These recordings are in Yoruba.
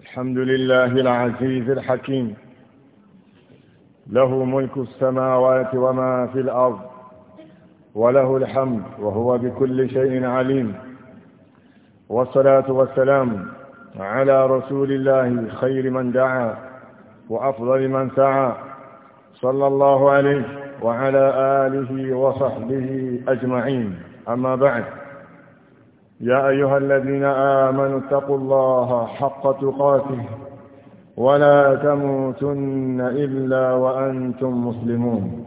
الحمد لله العزيز الحكيم له ملك السماوات وما في الأرض وله الحمد وهو بكل شيء عليم والصلاة والسلام على رسول الله خير من دعا وأفضل من سعى صلى الله عليه وعلى آله وصحبه أجمعين أما بعد يا أيها الذين آمنوا اتقوا الله حق تقاته ولا تموتن إلا وأنتم مسلمون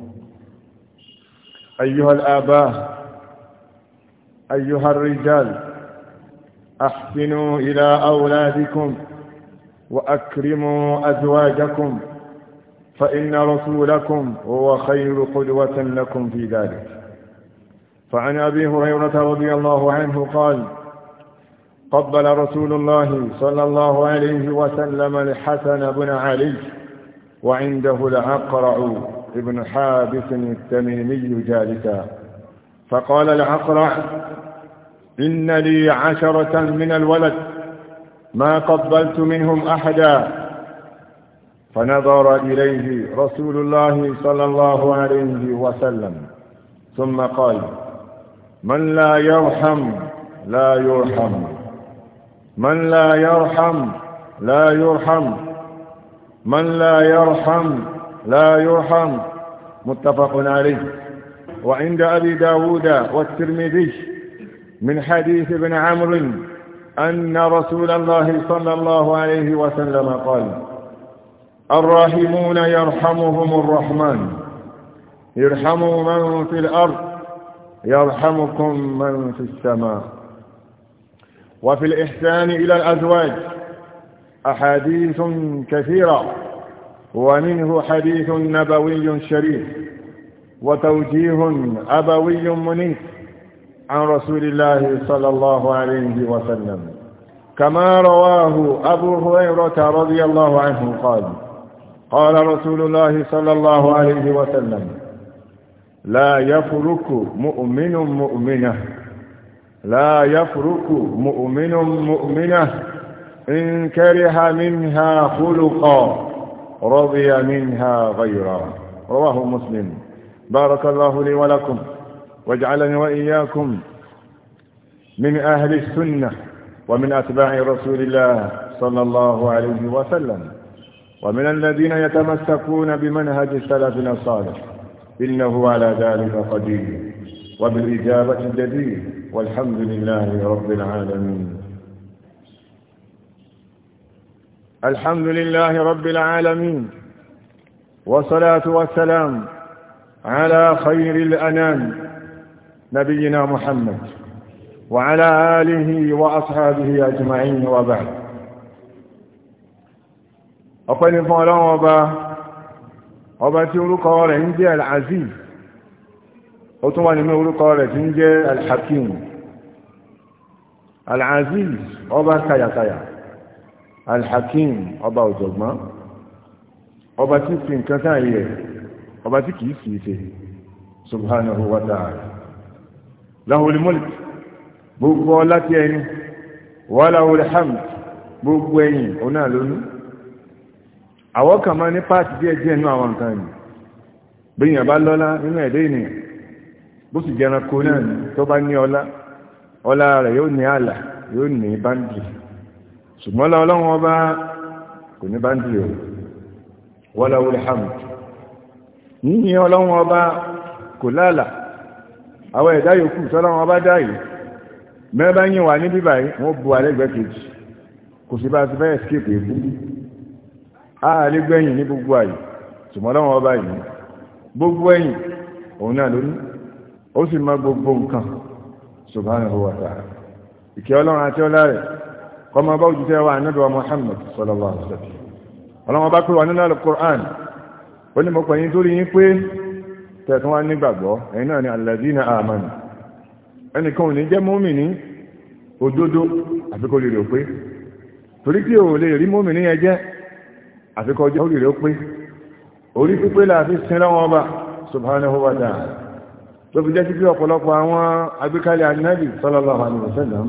أيها الآباء أيها الرجال أحسنوا إلى أولادكم وأكرموا أزواجكم فإن رسولكم هو خير قدوة لكم في ذلك فعن أبي هريرة رضي الله عنه قال قبل رسول الله صلى الله عليه وسلم الحسن بن علي وعنده العقرع ابن حابس التميمي جالسا فقال العقرع إن لي عشرة من الولد ما قبلت منهم أحدا فنظر إليه رسول الله صلى الله عليه وسلم ثم قال من لا يرحم لا يرحم من لا يرحم لا يرحم من لا يرحم لا يرحم متفق عليه وعند أبي داود والترمذي من حديث ابن عمرو أن رسول الله صلى الله عليه وسلم قال الراحمون يرحمهم الرحمن ارحموا من في الأرض يرحمكم من في السماء وفي الإحسان إلى الأزواج أحاديث كثيرة ومنه حديث نبوي شريف وتوجيه أبوي منيف عن رسول الله صلى الله عليه وسلم كما رواه أبو هريرة رضي الله عنه قال قال رسول الله صلى الله عليه وسلم لا يفرك مؤمن مؤمنة لا يفرك مؤمن مؤمنة إن كره منها خلقا رضي منها غيرا رواه مسلم بارك الله لي ولكم واجعلني وإياكم من أهل السنة ومن أتباع رسول الله صلى الله عليه وسلم ومن الذين يتمسكون بمنهج سلفنا الصالح إنه على ذلك قدير وبالإجابة جدير والحمد لله رب العالمين الحمد لله رب العالمين والصلاة والسلام على خير الأنام نبينا محمد وعلى آله وأصحابه أجمعين وبعد أقول فالله وبعد ọba tí orúkọ rẹ̀ ń jẹ́ al-aziz ó tún wà nínú orúkọ rẹ̀ tí ń jẹ́ al-hakim al-aziz ọba kayakaya al-hakim ọba ọ̀jọ̀gbọ́n ọba tí fi nǹkan sáàyè rẹ̀ ọba tí kìí fi ṣe subhanahu wa ta'ala lahul gbogbo àwọn kan máa ní páàtì díẹ̀ díẹ̀ nú àwọn nǹkan yìí bí èèyàn bá lọ́lá nínú ẹ̀dẹ́ ènìyàn bó sì jẹ́ ẹranko náà ni tó bá ní ọlá ọlá rẹ̀ yóò ní àlà yóò ní báńdì ṣùgbọ́n ọlá ọlọ́run ọba kò ní báńdì o wọ́lá wọlé hamd yíyìn ọlọ́run ọba kò lálà escape èkú ààlé gbẹ̀yìn ní gbogbo àyè ṣùgbọ́n láwọn ọba yìí gbogbo ẹ̀yìn òun náà lóní ó sì má gbogbo nǹkan subhanahu wa ta'ala ìkẹ́ ọlọ́run àti ọlá rẹ̀ kọmọ bá òjútẹ́ wa náà wa Muhammad sallallahu alaihi wasallam ọlọ́run bá pè wà nínú al-Qur'an ó ní mọ̀pọ̀ yìí torí yín pé tẹ̀tún wá nígbàgbọ́ ẹ̀yìn lè rí mùmínì yẹn àfikọ́ ọjọ́ orí rẹ̀ ó pé orí pípé láàfin sin lọ́wọ́ ọba subhanahu wa ta'ala tó fi jẹ́ sí pé ọ̀pọ̀lọpọ̀ àwọn agbékalẹ̀ anábì sallallahu alaihi wasallam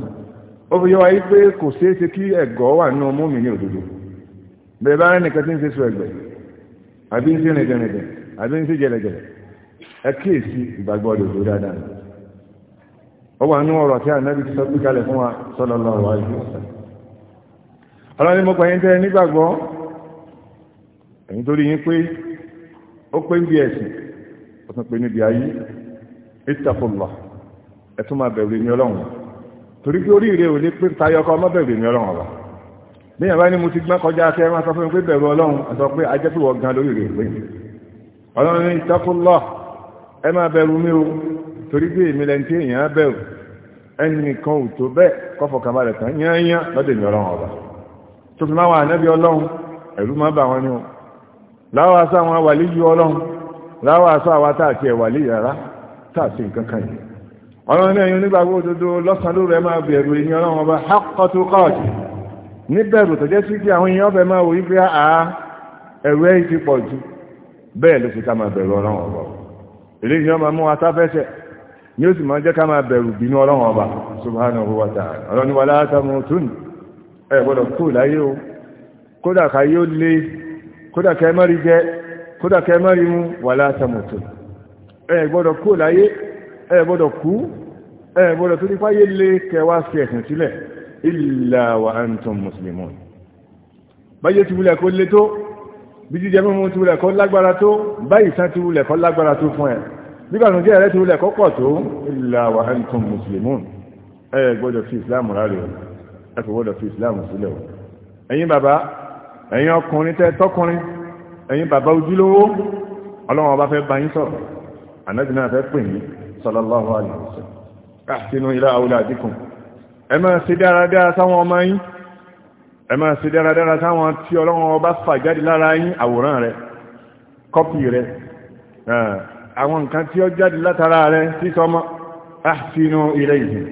ó fi yọ wáyé pé kò ṣeé ṣe kí ẹ̀gọ́ wà nínú mọ́mì ní òdodo bẹ́ẹ̀ bá nìkan tí ń ṣe sọ ẹ̀gbẹ́ àbí ń ṣe rìndìnrìndìn àbí ń ṣe jẹ̀lẹ̀jẹ̀lẹ̀ ẹ kíyèsí ìgbàgbọ́ òdodo dáadáa ti sọ kalẹ̀ fún wa sallallahu alaihi wasallam ọlọ́ni mo tẹ́ nígbàgbọ́ ẹ̀yin torí yín pé ó pé ń bí ẹ̀sìn ó tún pé níbi ayé ìtàkùnlọ ẹ̀tún máa bẹ̀rù èmi ọlọ́run torí pé oríire ò lè pé tayọ ọkọ ọmọ bẹ̀rù èmi ọlọ́run ni mo ti gbọ́n kọjá akẹ́ máa sọ fún mi pé bẹ̀rù ọlọ́run àti pé ajẹ́ pé wọ́n gan lóríire pé ọlọ́run ní ìtàkùnlọ ẹ máa bẹ̀rù mi o torí pé èmi lẹ́ni tí èèyàn bẹ̀rù láwọn aṣọ àwọn wàlí yìí ọlọ́run láwọn aṣọ àwọn táàkì ẹ̀wàlí yàrá táàkì nǹkan kan yìí ọlọ́run ẹ̀yin onígbàgbọ́ òdodo lọ́sàn lóru ẹ máa bẹ̀rù ẹ̀yin ọlọ́run ọba haqqa tuqati níbẹ̀rù tọ́jẹ́ sí kí àwọn èèyàn ọbẹ̀ máa wò wípé àá ẹ̀rù ẹ̀ ti pọ̀ jù bẹ́ẹ̀ ló fi ká máa bẹ̀rù ọlọ́run ọba eléyìí ọmọ mú kódà kẹ mọ́rí jẹ kódà kẹ mọ́rí mú wala tamutu ẹ gbọ́dọ̀ kú láyé ẹ gbọ́dọ̀ kú ẹ gbọ́dọ̀ tó nípa yé lé kẹwàá sí ẹ̀sìn sílẹ̀ illa wa antum muslimun báyé ti wulẹ̀ kó lé tó bí jíjẹ mímú ti wulẹ̀ kó lágbára tó báyìí sán ti wulẹ̀ kó lágbára tó fún ẹ bíbànú jẹ́ rẹ̀ ti wulẹ̀ kó pọ̀ tó illa antum muslimun ẹ fi islam rárẹ̀ ẹ fi islam sílẹ̀ ẹ̀yin bàbá ẹ̀yin ọkùnrin tẹ́ tọ́kùnrin ẹ̀yin bàbá ojúlówó ọlọ́run ọba fẹ́ bá yín sọ̀rọ̀ ànábì náà fẹ́ pè yín sallallahu alaihi wasallam káàkiri ila auladikum ẹ máa ṣe dáradára sáwọn ọmọ yín ẹ máa ṣe dáradára sáwọn tí ọlọ́run ọba fà jáde lára yín àwòrán rẹ̀ kọ́pì rẹ̀ eh, àwọn nǹkan tí ó jáde látara rẹ̀ sísọmọ́ ahsinu ilayhim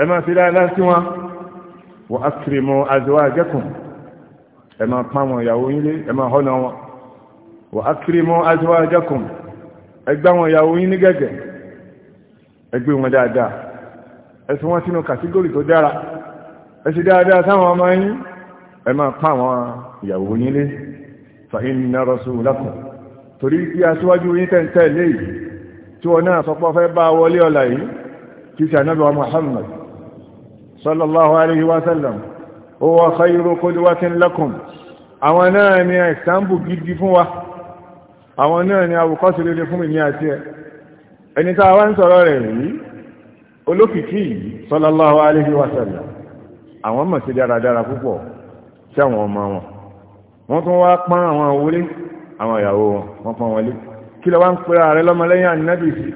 ẹ máa ṣe dáradára sí wọn wa akrimu azwajakum ẹ máa pàmọ̀ ìyàwó yílé ẹ máa họ́nà wọn wà á kiri mọ́ aṣíwá ajọ́kùn ẹgbá wọn ìyàwó yín ní gẹ́gẹ́ ẹgbẹ́ wọn dáadáa ẹ fi wọ́n sínú kàtígórì tó dára ẹ sì dáadáa sáwọn ọmọ yín ẹ máa pàmọ̀ ìyàwó yílé fa inna rasulakum torí kí aṣíwájú yín tẹ̀ǹtẹ̀ léyìí tí wọn náà sọpọ̀ fẹ́ bá wọlé ọ̀la yìí kí sànàbà huwa khayru qudwatin lakum àwọn náà ni ẹ̀sánbù gidi fún wa àwọn náà ni àwòkọ́sí lè fún ìní àti ẹ̀ ẹni tàà wá ń sọ̀rọ̀ rẹ̀ rí olókìkí yìí sallallahu alaihi wa sallam àwọn mọ̀ sí dáradára púpọ̀ tí àwọn ọmọ wọn wọ́n tún wá pán àwọn orí àwọn ìyàwó wọn wọ́n pán wọlé kí lọ wá ń pèrà rẹ lọ́mọlẹ́yìn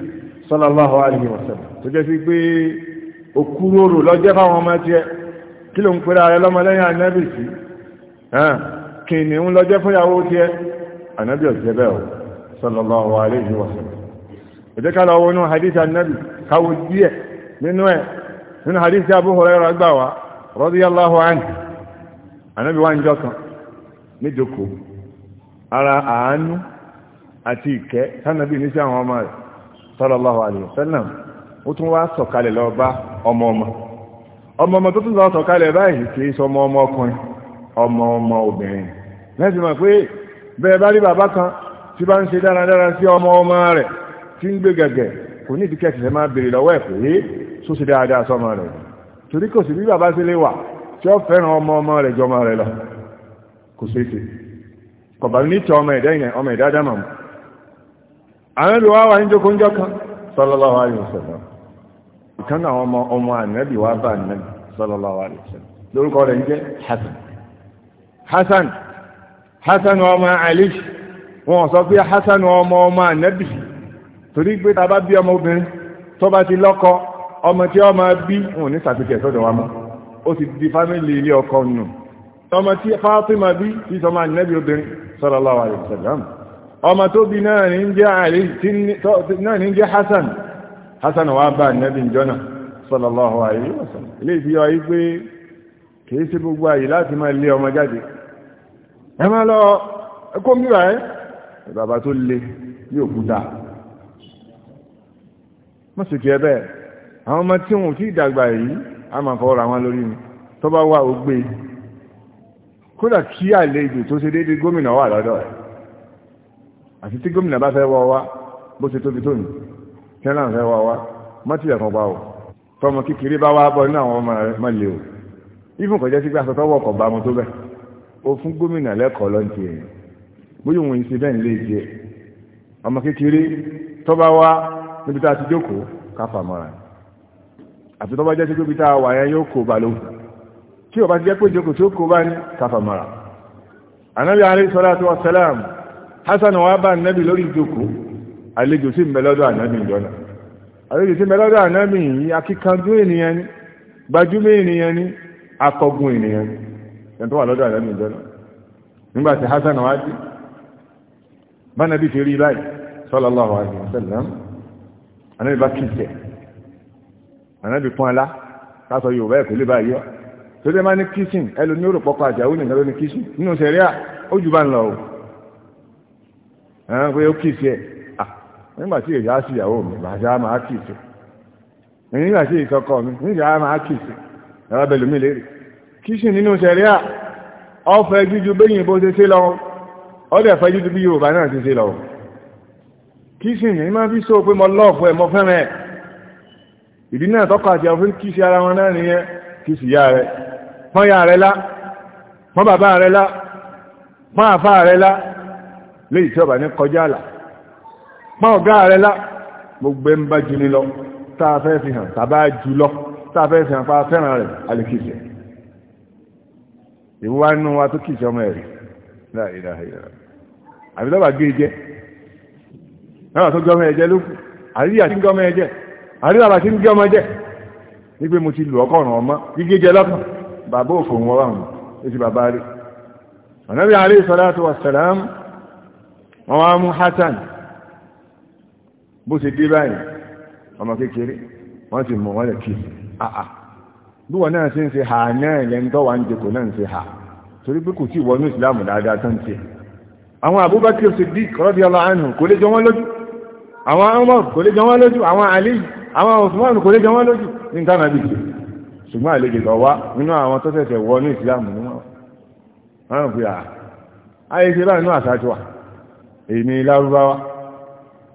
sallallahu alaihi wa sallam tó jẹ́ sí pé òkúròrò lọ́jẹ́ fáwọn ọmọ tiẹ̀ kí ló ń pèrè ààrẹ lọ́mọlẹ́yìn ànábì sí kìnìún lọ́jẹ́ fún ìyàwó tí ẹ ànábì ọ̀sẹ̀ bẹ́ẹ̀ o sallallahu alayhi wa sallam ẹ̀jẹ̀ ká lọ wọnú hadith ànábì káwọ díẹ̀ nínú ẹ̀ nínú hadith Abu Hurairah gbà wá radiyallahu anhu ànábì wá ń jọ kan níjòkó ara àánú àti ìkẹ́ tánàbì ní sí àwọn ọmọ rẹ̀ sallallahu alayhi wa ó tún wá sọ̀kalẹ̀ lọ bá ọmọ ọmọ ọmọ tó tún lọ sọ̀kalẹ̀ báyìí kìí sọ ọmọ ọmọ ọkùnrin ọmọ ọmọ obìnrin lẹ́sìn mọ̀ pé bẹ́ẹ̀ bá rí bàbá kan tí bá ń ṣe dáradára sí ọmọ ọmọ rẹ̀ tí ń gbé gẹ̀gẹ̀ kò ní ìdíkẹ́ máa bèèrè lọ́wọ́ ẹ̀ pé ṣe dáadáa sọmọ rẹ̀ torí kò sí bí bàbá ṣe lè wà tí ó fẹ́ràn ọmọ ọmọ rẹ̀ jọ ọmọ rẹ̀ lọ kò ṣe é ṣe ọ̀kan náà ọmọ ọmọ ànábì wá bá ànábì sallallahu alaihi wasallam lórúkọ rẹ̀ ń jẹ́ Hasan Hasan Hasan ọmọ Ali wọn sọ pé Hasan ọmọ ọmọ ànábì torí pé ta bá bí ọmọ obìnrin tó bá ti lọ́kọ ọmọ tí ọmọ bí wọn ní sàtìkẹ̀ sọ́dọ̀ wa mọ́ ó ti di fámílì ilé ọkọ nù ọmọ tí Fatima bí tí sọmọ ànábì obìnrin sallallahu alaihi wasallam ọmọ tó bí náà ní jẹ́ Hasan hassan wa bá nẹ́bí jọ́nà sallallahu alayhi wa sallam ilé ìfihàn ayé pé kìí sí gbogbo ayé láti máa lé ọmọ jáde ẹ máa lọ ẹkọ́ mìíràn ẹ́ bàbá tó lé ní òkúta mọ́ sì kí ẹ bẹ́ẹ̀ àwọn ọmọ tí wọn ò tí ìdàgbà yìí a máa fọwọ́ra wọn lórí mi tó bá wà ó kódà kí àlejò tó ṣe déédéé gómìnà wà lọ́dọ̀ ẹ̀ àti tí gómìnà bá fẹ́ wọ wá bó ṣe tóbi tóyìn kí náà fẹ́ wá wá mọ́tì bá o tọmọ kékeré bá wá bọ́ nínú àwọn ọmọ rẹ̀ má lè o ìfún kọjá sí pé aṣọ tọwọ́ ọkọ̀ bá mu tó bẹ́ẹ̀ o fún gómìnà lẹ́kọ̀ọ́ lọ́n ti ẹ̀yìn bóyá òun ṣe bẹ́ẹ̀ nílé ìjẹ́ ọmọ kékeré tó bá wá níbi tá a ti jókòó káfà mọ́ra àti tó bá jẹ́ sí pé ibi tá a wà yẹn yóò kó ba ló tí o bá ti jẹ́ pé ìjókòó tí ó kó bá ní káfà mọ́ra ànábì alayhi salatu wa salam hasan wa bá ànábì lórí ìjókòó àlejò sí mẹ́lọ́dọ̀ ànábì ìjọ́nà àlejò sí mẹ́lọ́dọ̀ ànábì yìí akíkanjú ènìyàn ni gbajúmọ̀ ènìyàn ni akọgun ènìyàn ni ẹni tó wà lọ́dọ̀ ànábì ìjọ́nà nígbà tí Hasan wá dé bánàbí ti rí láì sallallahu alaihi wasallam ànábì bá kìtẹ̀ ànábì pọ́n alá kásọ yorùbá ẹ̀kọ́ lè bá yọ tó dé máa ní kíṣìn ẹlòmí ó rò pọ́pọ́ àjàwó nìkan ló ní kíṣìn nínú nígbà tí ìyá sí ìyàwó mi bàjá máa kì í sí nígbà tí ìsọkọ mi nígbà máa kì í sí ẹ̀rọ bẹ̀lùmí lérè kíṣìn nínú sẹ̀ríà ọfẹ́ jíjú bẹ́yìn bó ṣe ṣe lọ ọdẹ fẹ́ jíjú bí Yorùbá náà ṣe ṣe lọ kíṣìn ní máa fi sóò pé mo lọ́ọ̀fọ́ ẹ̀ mọ́ fẹ́rẹ̀ ìdí náà tọ́kọ àti àwọn kíṣì ara wọn náà nìyẹn kíṣì ya rẹ fọ́n ya rẹ lá fọ́n bàbá rẹ lá fọ́n àfá rẹ lá léyìí tí pọ́n ọ̀gá rẹ̀ lá gbogbo ń bá jùlí lọ tààfẹ́ fi hàn tàbá jù lọ tààfẹ́ fi hàn pa fẹ́ràn rẹ̀ alìkìsẹ̀ ìwúwá nínú wa tó kìsẹ̀ ọmọ ẹ̀rì àbílọ́bà gé jẹ́ náà tó gọ́mọ ẹ̀jẹ́ ló àríyà tí ń gọ́mọ ẹ̀jẹ́ àríyà tí ń gọ́mọ ẹ̀jẹ́ wípé mo ti lù ọkọ̀rùn ọmọ gígé jẹ lọ́kàn bàbá òfòun wọ́n wọ́n èsì bàbá rí ọ̀nàbí alayhi salatu wassalam wọ́n wá mú hátán bó ṣe dé báyìí ọmọ kékeré wọ́n ti mọ̀ wọ́n lè kí àà bí wọ́n náà ṣe ń ṣe hà náà lẹ́nu tó wà ń jẹkọ̀ọ́ náà ń ṣe hà torí pé kò tí wọnú ìsìláàmù dáadáa tán tiẹ̀ àwọn Abubakar Siddiq radiyallahu anhu kò lè jọ wọ́n lójú àwọn Umar kò lè jọ wọ́n lójú àwọn Ali àwọn Usman kò lè jọ wọ́n lójú ní nǹkan àbí ṣùgbọ́n àlejò lọ wá nínú àwọn tó ṣẹ̀ṣẹ̀ wọnú ìsìláàmù ní wọn wọn fi à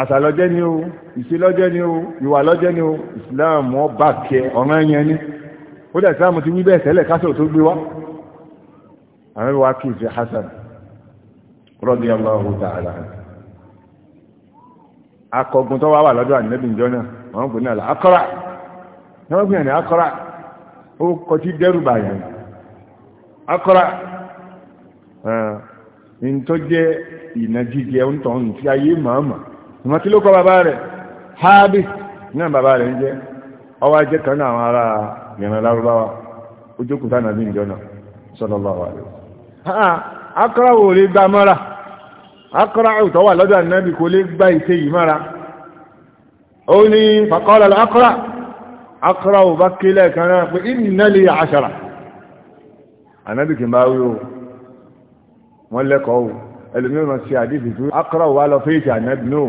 àṣà lọ́jẹ́ ni o ìṣe lọ́jẹ́ ni o ìwà lọ́jẹ́ ni o ìsìláàmù ọba kẹ ẹ̀yẹn ni ó dẹ̀ ìsìláàmù ti wí bẹ́ẹ̀ tẹ́lẹ̀ kásọ̀ tó gbé wá àwọn ìwà kì í ṣe Hasan radiyallahu ta'ala akọgun tó wá wà lọ́dọ̀ ànílẹ́bì ìjọ náà wọ́n pè ní wọ́n ìmọ̀ kí ló kọ́ bàbá rẹ̀ habit náà bàbá rẹ̀ ń jẹ́ ọwọ́ ajẹ́ kan náà àwọn ará ìran lárúbáwá ojókù tánà bí ìjọ náà sallallahu alaihi wasallam akọ́rà ò lè gbá mọ́ra akọ́rà òtọ́ wà lọ́dọ̀ ànábì kò lè gbá ìṣe yìí mọ́ra ó ní faqala bá kílẹ̀ wọ́n lẹ́kọ̀ọ́ ẹlòmíràn sí àdìsí tó lọ fèèjì ànábì náà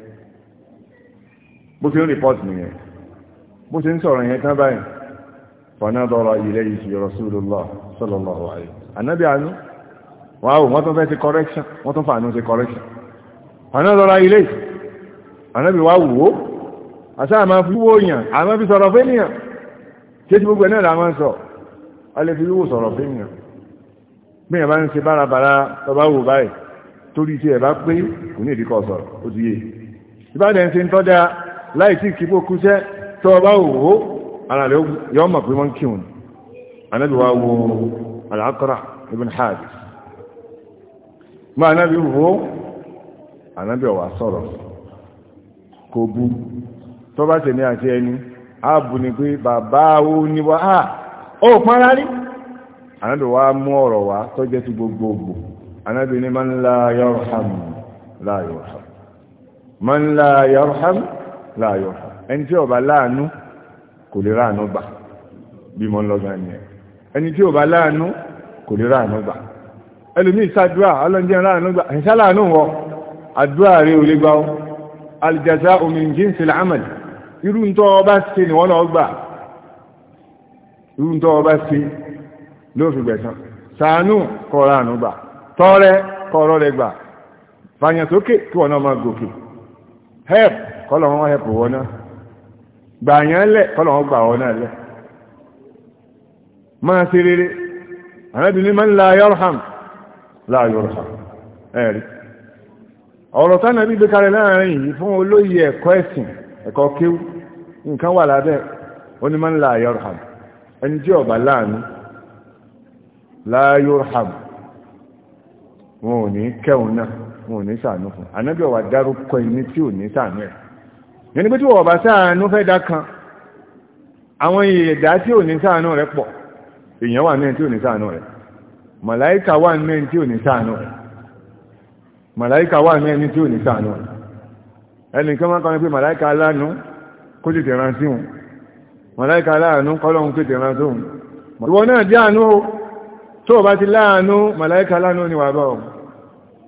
bó ṣe ń rìpọ́tì nìyẹn bó ṣe ń sọ̀rọ̀ yẹn tán báyìí fanadara ilayhi rasulullah sallallahu alayhi anabi anu wàá wò wọ́n tún fẹ́ ṣe correction wọ́n tún fàánú ṣe correction fanadara ilayhi anabi wàá wò ó àṣà àmà fi wó yàn àmà fi sọ̀rọ̀ fẹ́ nìyàn kí ti gbogbo ẹ̀ náà la máa ń sọ a tọba wò báyìí torí tí ẹ̀ pé kò ní ìdíkọ̀ sọ̀rọ̀ ó ti yé ìbádẹ́ ń ṣe ń tọ́jà láì tí kí kó kúṣẹ́ tó bá wò ara rẹ̀ yọ pé wọ́n kí wọn anábì wá wo al ibn ma anábì wò anábì ọ̀wà sọ̀rọ̀ kò bú tó bá tẹ̀lé àti ni pé bàbá ó ní wá à ó pọ́nra rí anábì wá mú ọ̀rọ̀ wá tó láàyò ẹni tí ọba láàánú kò lè ráàánú gbà bí mo ẹni tí ọba láàánú kò lè ráàánú gbà ẹlòmíì sàdúrà ọlọ́njẹ́ ráàánú gbà ẹ̀ṣá wọ àdúrà rẹ ò ó ọba ṣe ni wọ́n lọ ọba ṣe ló fi gbẹ̀sán sàánú gbà fàyàn help kọ́lọ̀ wọn help wọn náà gbàyàn lẹ̀ kọ́lọ̀ wọn gbà wọn náà lẹ̀ máa ṣe rere anábìnrin máa ń la yorham la yorham ẹ̀rí ọ̀rọ̀ wọn ò ní sàánú fún anábì ọ̀wà dárúkọ ẹni tí ò ní sàánú ẹ̀ yẹn ni pé tí wọ́n bá sàánú fẹ́ dá kan àwọn ìyẹ̀dá tí ò ní sàánú rẹ̀ pọ̀ èèyàn wà mẹ́rin tí ò ní sàánú rẹ̀ màláíkà wà mẹ́rin tí ò ní sàánú rẹ̀ màláíkà wà mẹ́rin tí ò ní sàánú rẹ̀ ẹnìkan máa kọrin pé màláíkà aláàánú kó tètè ran sí wọn màláíkà aláàánú kọ́lọ́hún tètè ti láàánú màláíkà aláàánú ni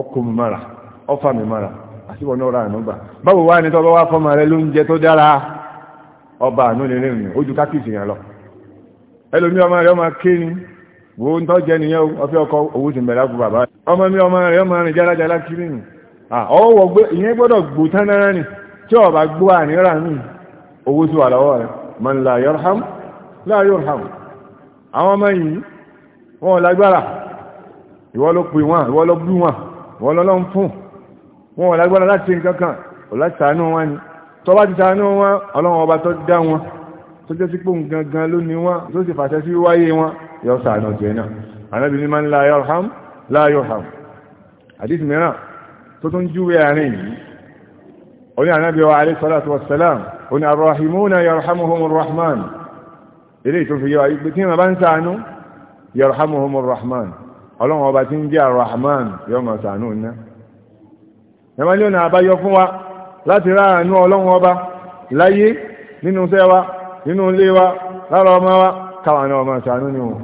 ọkọ̀ mi mara ọfà mi mara àsìwọ̀n náà ra àánú gbà báwo wá ní tọ́lọ́wọ́ fọ́mọ rẹ lóúnjẹ tó dára ọba àánú ni rìn rìn ojú kákìsì yẹn lọ ẹlòmí ọmọ rẹ ọmọ kéènì wo ń tọ́jẹ́ nìyẹn ọfẹ́ ọkọ̀ owó sì mẹ́lá fún bàbá ọmọ mi ọmọ rẹ ọmọ rìn jálájálá kiri nì ọwọ́ ìyẹn gbọ́dọ̀ gbò tán náírà tí ọba gbó àníra nì owó sí wà lọ́wọ́ rẹ̀ man la yarham la yurham àwọn ọmọ yìí wọ́n lágbára ìwọ ló pè wọ́n ìwọ ló bú wọn wọ́n lọ́lọ́ ń fún wọn wọ́n lágbára láti nǹkan kan ọ̀lá ṣàánú wọn ni tó bá ti ṣàánú wọn ọlọ́run ọba tó dá wọn tó jẹ́ sípò gangan ló ní wọn tó sì fàṣẹ sí wáyé wọn yọ ṣàánú jẹ náà anábì máa ń la yorham la mìíràn tó tún júwe àárín yìí ó ọlọ́run ọba tí ń jẹ́ arahman yọ mọ̀ sànú ná ẹmọ́ ní ọ̀nà àbáyọ fún wa láti ráàánú ọlọ́run ọba láyé nínú iṣẹ́ wa nínú ilé wa lára ọmọ wa káwọn ọmọ sànú ni wọn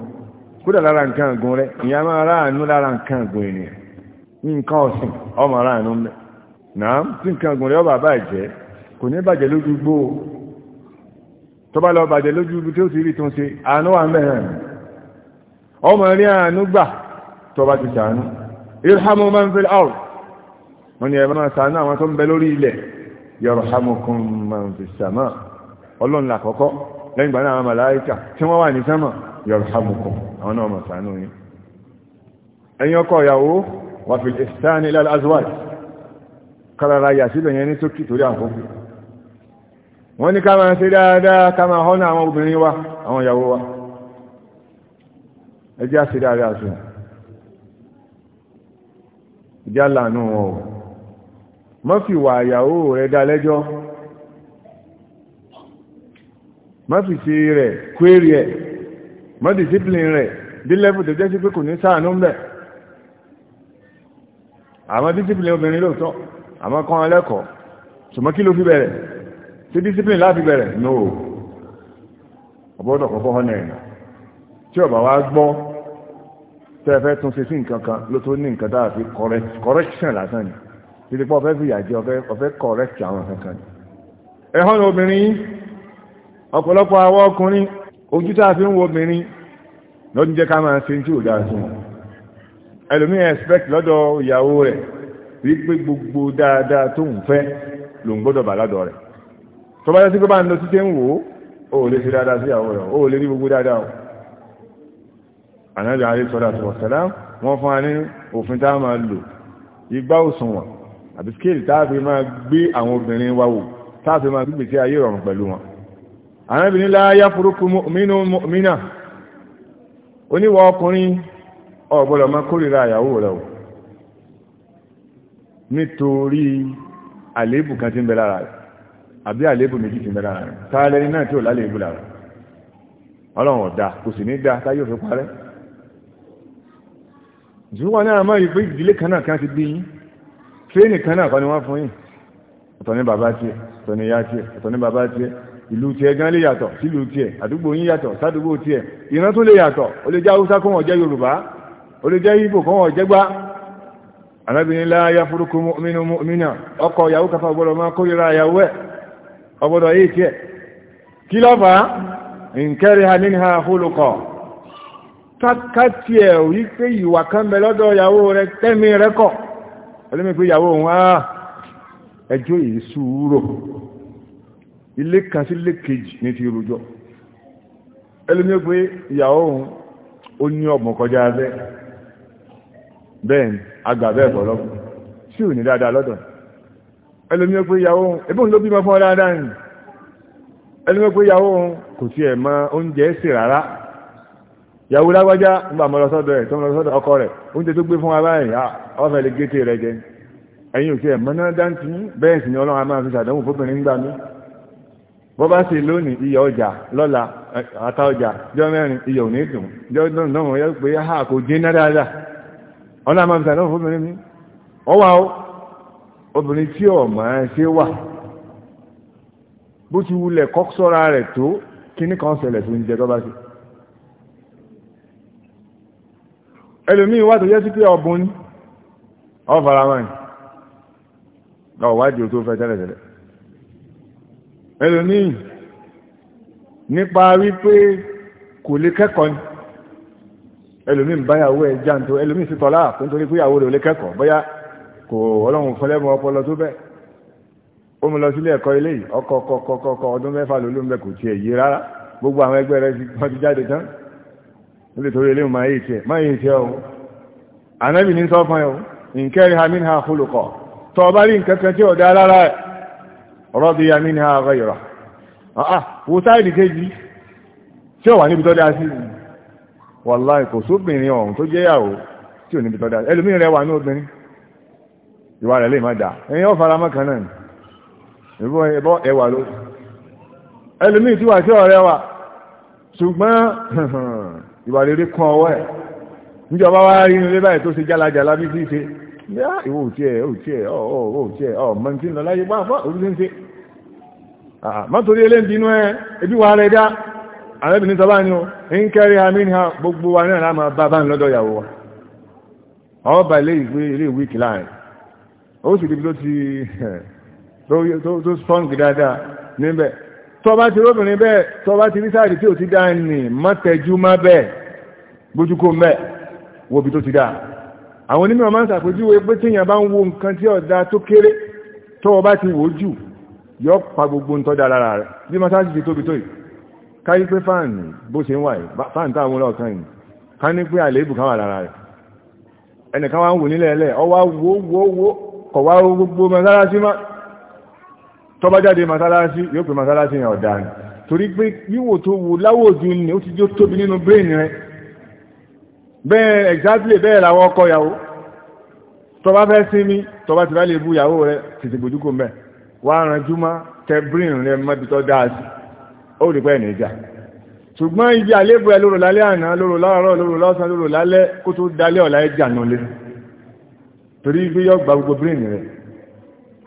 kúrò lára nǹkan rẹ ìyá máa ráàánú lára nǹkan ènìyàn nǹkan ọ̀sìn ọmọ ráàánú mẹ́ náà tí nǹkan rẹ ọba kò ní bàjẹ́ lójú gbó tó bá lọ bàjẹ́ lójú ibi ti rí tó ń ṣe àánú tó bá ti sàánú irhamu man fil ard wọ́n ni ẹ̀mọ́ sàánú àwọn tó ń bẹ lórí ilẹ̀ yarhamukum man fis sama ọlọ́run làkọ́kọ́ lẹ́yìn gbà náà àwọn màláíkà tí wọ́n wà ní sámà yarhamukum àwọn náà máa sàánú yín ẹ̀yin ọkọ ìyàwó wà fil ihsan ila al azwaj dáadáa ká máa jálànú wọn ò má wà àyàwó rẹ̀ dá lẹ́jọ́ má sí rẹ̀ kwérí ẹ̀ rẹ̀ tó obìnrin àmọ́ kan ṣùgbọ́n kí ló fi bẹ̀rẹ̀ sí no ọ̀bọ̀dọ̀ kọ̀kọ́ tí ọ̀bà wa gbọ́ tẹ́ fẹ́ tún ṣe sí nǹkan kan ló tó ní nǹkan dáa fi correction lásán ni títí pọ́ fẹ́ fìyà jẹ ọ̀fẹ́ correct àwọn kankan ni ẹ̀họ́n obìnrin ọ̀pọ̀lọpọ̀ àwọ ọkùnrin ojú tàà fi ń wo obìnrin lọ́dún jẹ́ ká máa ṣe tí ò dáa sí wọn ẹlòmí expect lọ́dọ̀ ìyàwó rẹ̀ wípé gbogbo dáadáa tó ń fẹ́ ló ń gbọ́dọ̀ bà lọ́dọ̀ rẹ̀ tó sí pé bá ń lọ títí ń wò ó ò lè ṣe dáadáa sí ìyàwó rẹ̀ ó lè rí gbogbo dáadáa ànábì àrí sọ́dá tó wọ̀sẹ̀lá wọ́n fún wa ní òfin tá a máa lò igbá òsùnwọ̀n àbí skéèlì tá a fi máa gbé àwọn obìnrin wa wò tá a fi máa gbígbé sí ayé ìrọ̀rùn pẹ̀lú wọn ànábì ní láyá furuukú mínú mínà oníwà ọkùnrin ọ̀gbọ́dọ̀ máa kórìíra àyàwó rẹ̀ o nítorí àléébù kan ti ń bẹ lára rẹ̀ àbí àléébù méjì ti ń bẹ lára rẹ̀ tá náà tí ò lálẹ́ ìbú ọlọ́run ọ̀dà kò sì ní dá táyé òfin parẹ́ ṣùgbọ́n náà máa rí kana ìdílé kan náà kan ti bí yín tírénì kan ni wọ́n fún yín ọ̀tọ̀ ní bàbá baba ọ̀tọ̀ ilu ìyá tiẹ̀ gan lè yàtọ̀ sílùú tiẹ̀ àdúgbò yín yàtọ̀ sádùgbò tiẹ̀ ìran tún lè yàtọ̀ ó je yoruba o le wọn jẹ́ yorùbá ó lè jẹ́ ìgbò kó wọn jẹ́ gbá arábìnrin láyá fúrukú mọ́mínú mọ́mínà ọkọ̀ ìyàwó kafa ọgbọ́dọ̀ máa kórìíra ha nínú ha kákàtì ẹ̀ wí pé ìwà kan bẹ lọ́dọ̀ ìyàwó rẹ tẹ́mi rẹ kọ̀ ẹlẹ́mi pé ìyàwó òun áá ẹjọ́ yìí sùúrò ilé kan sí ilé kejì ní ti rújọ ẹlẹ́mi pé ìyàwó òun ó ní ọ̀gbọ̀n kọjá abẹ́ bẹ́ẹ̀ ni àgbà bẹ́ẹ̀ bọ̀ lọ́gbọ̀n sí ò ní dáadáa lọ́dọ̀ ẹlẹ́mi pé ìyàwó òun ebóun òun kò tiẹ̀ ìyàwó lágbájá nígbà mọ́ lọ́sọ́dọ̀ ẹ̀ tó mọ́ lọ́sọ́dọ̀ ọkọ rẹ̀ oúnjẹ tó gbé fún wa báyìí ọfẹ́ lè gé tèrè jẹ ẹ̀yin òkè mọ́nà dáńtì bẹ́ẹ̀ sì ni ọlọ́run a máa fi ṣàdánwò fóbìnrin gbà mí bọ́ bá sì lónìí iyọ̀ ọjà lọ́la ata ọjà jọ mẹ́rin iyọ̀ òní dùn jọ náà yẹ pé ha kò jẹ́ ná dáadáa ọlọ́run a máa fi ṣàdánwò fóbìnrin mi ọ wà ó obìnrin tí ọ̀ máa ṣe wà bó ti wulẹ̀ kọ́ sọ́ra rẹ̀ tó kíní kan ṣẹlẹ̀ tó ń jẹ ẹlòmíì wà tó jẹ́ sí pé ọ̀bùn ní ọ̀faramọ́ni ọ̀wádìí tó fẹ́ tẹ́lẹ̀tẹ́lẹ̀ ẹlòmíì nípa wípé kò lè kẹ́kọ̀ọ́ ni ẹlòmíì ń báyàwó ẹ̀ jáǹtó ẹlòmíì sí tọ́lá tó ń torí pé ìyàwó rẹ̀ ò lè kẹ́kọ̀ọ́ bóyá kò ọlọ́run fọlẹ́mọ ọpọlọ tó bẹ́ẹ̀ ó mú lọ sílé ẹ̀kọ́ ilé yìí ọkọ̀ ọkọ̀ ọkọ̀ ọdún mẹ́fà lólóńbẹ kò tiẹ̀ yé gbogbo àwọn ẹgbẹ́ rẹ̀ ti jáde tán nílé torí ilé máa yìí tẹ́ máa yìí tẹ́ ọ́ anábì ní sọ́fún ẹ̀ nkẹ́rì ha mínú ha kúlùkọ̀ tọ́ bá rí nǹkan kan tí ọ̀dá lára ẹ̀ rọ́bì ya mínú ha ọ̀rọ̀ yọ̀rọ̀ wò sáìdì kejì tí ó wà níbi tọ́ dá sí wàláì kò sóbìnrin ọ̀hún tó jẹ́yàwó tí ò níbi tọ́ dá rẹ̀ wà ní obìnrin ìwà rẹ̀ lè má dà ẹ̀yin ọ̀ fara mọ́kàn náà ṣùgbọ́n ìwà rere kún ọwọ́ ẹ̀ níjọba wá rí inú lébàá tó ṣe jálajàlá bí ṣíṣe yá ìwò òtí ẹ̀ òtí ẹ̀ òtí ẹ̀ ọmọ tí ń lọ láyé bá fọ́ òtí ń ṣe mọ́tòrí eléǹdínú ẹ ebi wà rẹ̀ dá àrẹ́bìnrin tọ́bá ni ó ń kẹ́rí àmìnà gbogbo wa náà láàmà bá bá ń lọ́dọ̀ ìyàwó wa ọba ilé ìwé ilé ìwé kìlá rẹ̀ ó sì rí bí tó ti tó strong dáadáa níbẹ̀ tọba ti róbìnrin bẹ́ẹ̀ tọba ti rísáàdì tí ò ti dáa nì mọ́tẹ̀jú má bẹ́ẹ̀ bójúkó mẹ́ wo bí tó ti dáa àwọn onímọ̀ máa ń sàpèjúwe pé tíyàn bá ń wo nǹkan tí ọ̀dá tó kéré tọ́wọ́ bá ti wò jù yọ pa gbogbo ń tọ́jà lára rẹ̀ bí masáàjì ti tóbi tó yìí káyí tó bá jáde masalasi yóò pè masalasi yẹn ọ̀dà ni torí pé wíwò tó wù láwòjú ni ó ti jó tóbi nínú brain rẹ bẹ́ẹ̀ exactly bẹ́ẹ̀ làwọn ọkọ yàwó tó bá fẹ́ sinmi tó bá ti bá lè bu yàwó rẹ tètè gbòjúkò mẹ́ wà ránjú má tẹ brain rẹ mọ́bi tó dáa sí ó rí pẹ́ nìjà ṣùgbọ́n ibi àlébù ẹ lóru lálẹ́ àná lóru láàárọ̀ lóru lọ́sàn lóru lálẹ́ kó tó dalẹ́ ọ̀la ẹjà nulẹ̀ torí gbé yọ gba gbogbo brain rẹ̀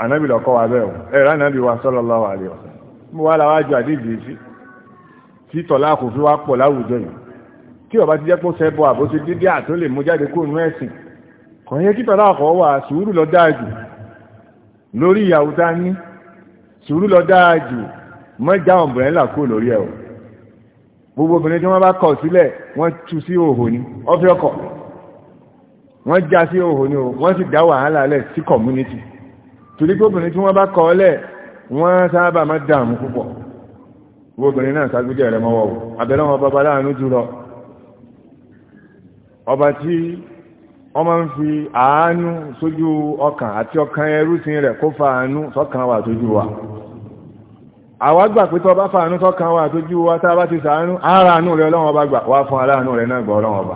ànábì lọ́kọ́ wa bẹ́ẹ̀ ẹ̀rọ ànábì wa sallallahu alaihi wasallam mú wá láwájú àdíjì sí tí tọ́lá kò fi wá pọ̀ láwùjọ yìí tí ọba ti jẹ́ pọ́ sẹ́bọ̀ àbóṣe dídí àtún lè mú jáde kó nú ẹ̀sìn kò yẹ kí tọ́lá kọ́ wà sùúrù lọ dáàjù lórí ìyàwó tá ní sùúrù lọ dáàjù mọ́já ọ̀bùnrin là kó lórí ẹ̀ o gbogbo obìnrin tí wọ́n bá kọ̀ sílẹ̀ wọ́n tú sí òhò ni ọ́fíọ́kọ̀ wọ́n já sí òhò ni o wọ́n sì dá wàhálà lẹ̀ sí community torí pé obìnrin tí wọ́n bá kọ́ lẹ̀ wọ́n sábà má dààmú púpọ̀ wo obìnrin náà ságbéjẹ́ rẹ̀ mọ́wọ́ abẹ́rẹ́ wọn bàbá láàánú jùlọ ọba tí wọ́n máa ń fi àánú sójú ọkàn àti ọkàn ẹrúsìn rẹ̀ kó fa àánú sọ́kàn wà sójú wa àwa gbà pé tó bá fa àánú sọ́kàn wà sójú wa tá a bá ti sàánú ara àánú rẹ̀ ọlọ́wọ́n ọba gbà wá fún aláàánú rẹ̀ náà gbọ́ ọlọ́wọ́n ọba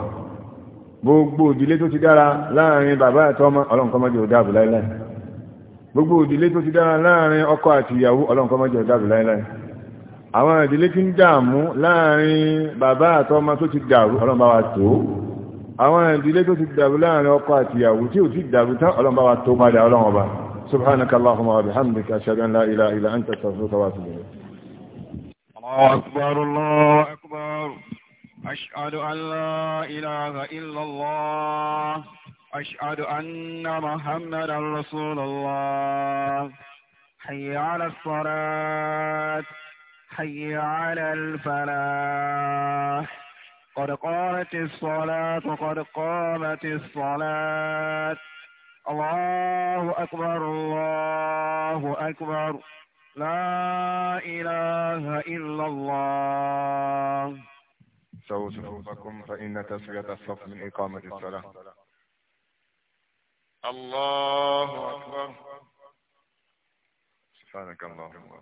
gbogbo ìdílé tó ti dára láàrin bàbá àtọmọ ọlọ́nkọ́mọdé ò dáàbò láíláì gbogbo òdílé tó ti dára láàrin ọkọ àti ìyàwó ọlọ́nkọ́ mọ́jọ dábì láíláí àwọn ìdílé tí ń dààmú láàrin bàbá àtọmọ tó ti dàrú ọlọ́nbá wa tó àwọn ìdílé tó ti dàrú láàrin ọkọ àti ìyàwó tí ò اللهم وبحمدك أشهد أن لا إله إلا أنت أستغفرك وأتوب أكبر الله أكبر أشهد أن لا إله إلا الله أشهد أن محمدا رسول الله حي على الصلاة حي على الفلاح قد قامت الصلاة قد قامت الصلاة الله أكبر الله أكبر لا إله إلا الله سووا صفوفكم فإن تسوية الصف من إقامة الصلاة الله أكبر سبحانك اللهم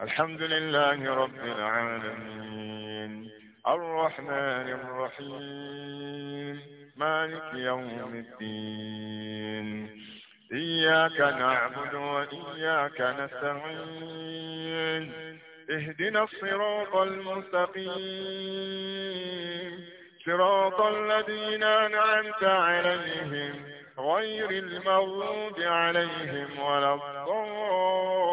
الحمد لله رب العالمين الرحمن الرحيم مالك يوم الدين إياك نعبد وإياك نستعين اهدنا الصراط المستقيم صراط الذين أنعمت عليهم غير المغلوب عليهم ولا الضالين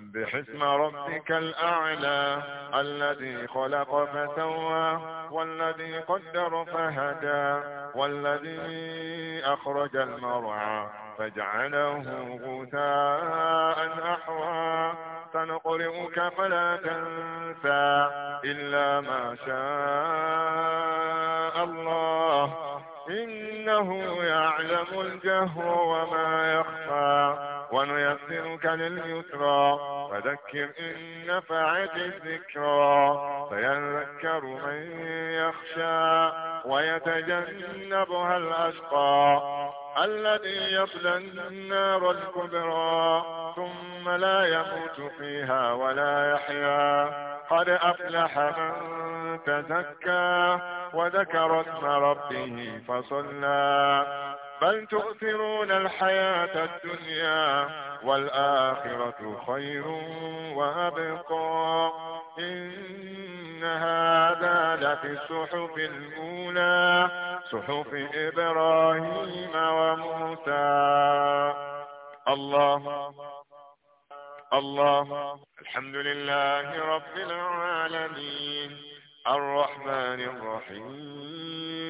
سبح اسم ربك الأعلى الذي خلق فسوى والذي قدر فهدى والذي أخرج المرعى فاجعله غثاء أحوى سنقرئك فلا تنسى إلا ما شاء الله إنه يعلم الجهر وما يخفى ونيسرك لليسرى فذكر إن نفعت الذكرى فيذكر من يخشى ويتجنبها الأشقى الذي يصلى النار الكبرى ثم لا يموت فيها ولا يحيا قد أفلح من تزكى وذكر اسم ربه فصلى بل تؤثرون الحياة الدنيا والآخرة خير وأبقى إن هذا لفي الصحف الأولى صحف إبراهيم وموسى الله الله الحمد لله رب العالمين الرحمن الرحيم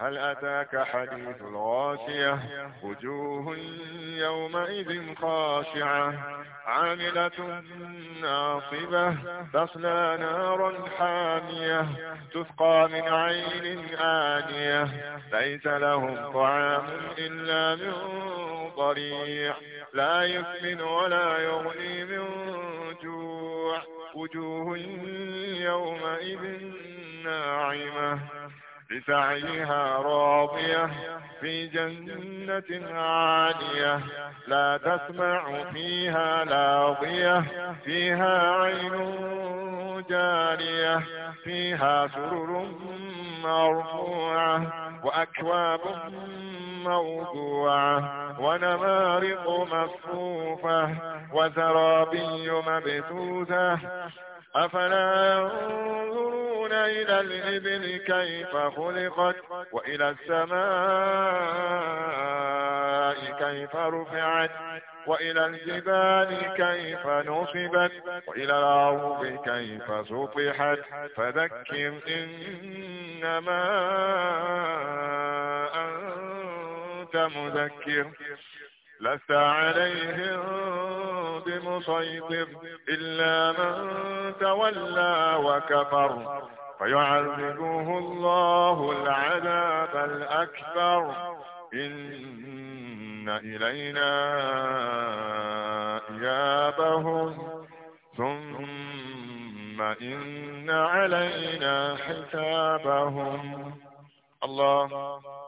هل أتاك حديث الغاشية وجوه يومئذ خاشعة عاملة ناصبة تصلى نارا حامية تسقى من عين آنية ليس لهم طعام إلا من ضريع لا يسمن ولا يغني من جوع وجوه يومئذ ناعمة لسعيها راضية في جنة عالية لا تسمع فيها لاضية فيها عين جارية فيها سرر مرفوعة وأكواب موضوعة ونمارق مصفوفة وزرابي مبثوثة أفلا ينظرون إلى الإبل كيف خلقت وإلى السماء كيف رفعت وإلى الجبال كيف نصبت وإلى الأرض كيف سطحت فذكر إنما أنت مذكر لست عليهم بمسيطر إلا من تولى وكفر فيعذبه الله العذاب الأكبر إن إلينا إيابهم ثم إن علينا حسابهم الله